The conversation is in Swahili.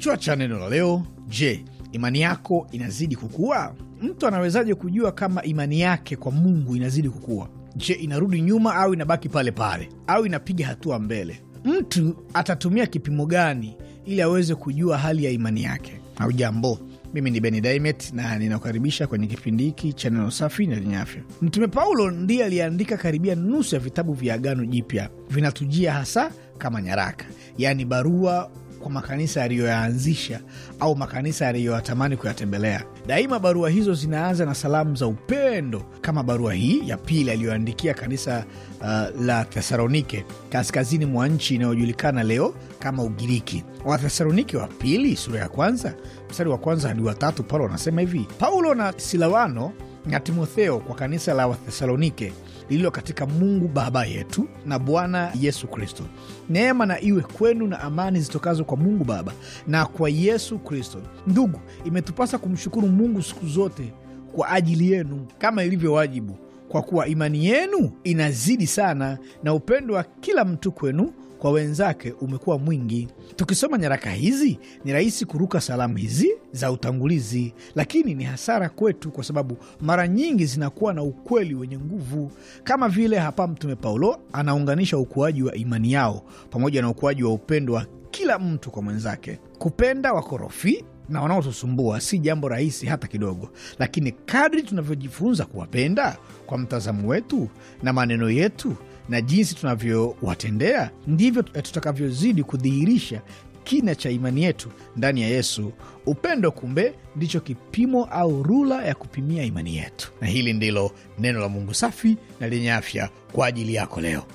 Kichwa cha neno la leo: Je, imani yako inazidi kukua? Mtu anawezaje kujua kama imani yake kwa Mungu inazidi kukua? Je, inarudi nyuma au inabaki pale pale au inapiga hatua mbele? Mtu atatumia kipimo gani ili aweze kujua hali ya imani yake? au jambo mimi ni Beni Daimet na ninakukaribisha kwenye kipindi hiki cha neno safi na lenye afya. Mtume Paulo ndiye aliyeandika karibia nusu ya vitabu vya Agano Jipya, vinatujia hasa kama nyaraka, yaani barua kwa makanisa yaliyoyaanzisha au makanisa yaliyoyatamani kuyatembelea. Daima barua hizo zinaanza na salamu za upendo, kama barua hii ya pili aliyoandikia kanisa uh, la Thesalonike kaskazini mwa nchi inayojulikana leo kama Ugiriki. Wathesalonike wa pili sura ya kwanza mstari wa kwanza hadi wa tatu, Paulo anasema hivi: Paulo na Silawano na Timotheo kwa kanisa la Wathesalonike lililo katika Mungu Baba yetu na Bwana Yesu Kristo. Neema na iwe kwenu na amani zitokazo kwa Mungu Baba na kwa Yesu Kristo. Ndugu, imetupasa kumshukuru Mungu siku zote kwa ajili yenu kama ilivyo wajibu, kwa kuwa imani yenu inazidi sana na upendo wa kila mtu kwenu kwa wenzake umekuwa mwingi. Tukisoma nyaraka hizi, ni rahisi kuruka salamu hizi za utangulizi, lakini ni hasara kwetu kwa sababu mara nyingi zinakuwa na ukweli wenye nguvu, kama vile hapa Mtume Paulo anaunganisha ukuaji wa imani yao pamoja na ukuaji wa upendo wa kila mtu kwa mwenzake. Kupenda wakorofi na wanaotusumbua si jambo rahisi hata kidogo, lakini kadri tunavyojifunza kuwapenda kwa mtazamo wetu na maneno yetu na jinsi tunavyowatendea ndivyo tutakavyozidi kudhihirisha kina cha imani yetu ndani ya Yesu. Upendo kumbe ndicho kipimo au rula ya kupimia imani yetu, na hili ndilo neno la Mungu safi na lenye afya kwa ajili yako leo.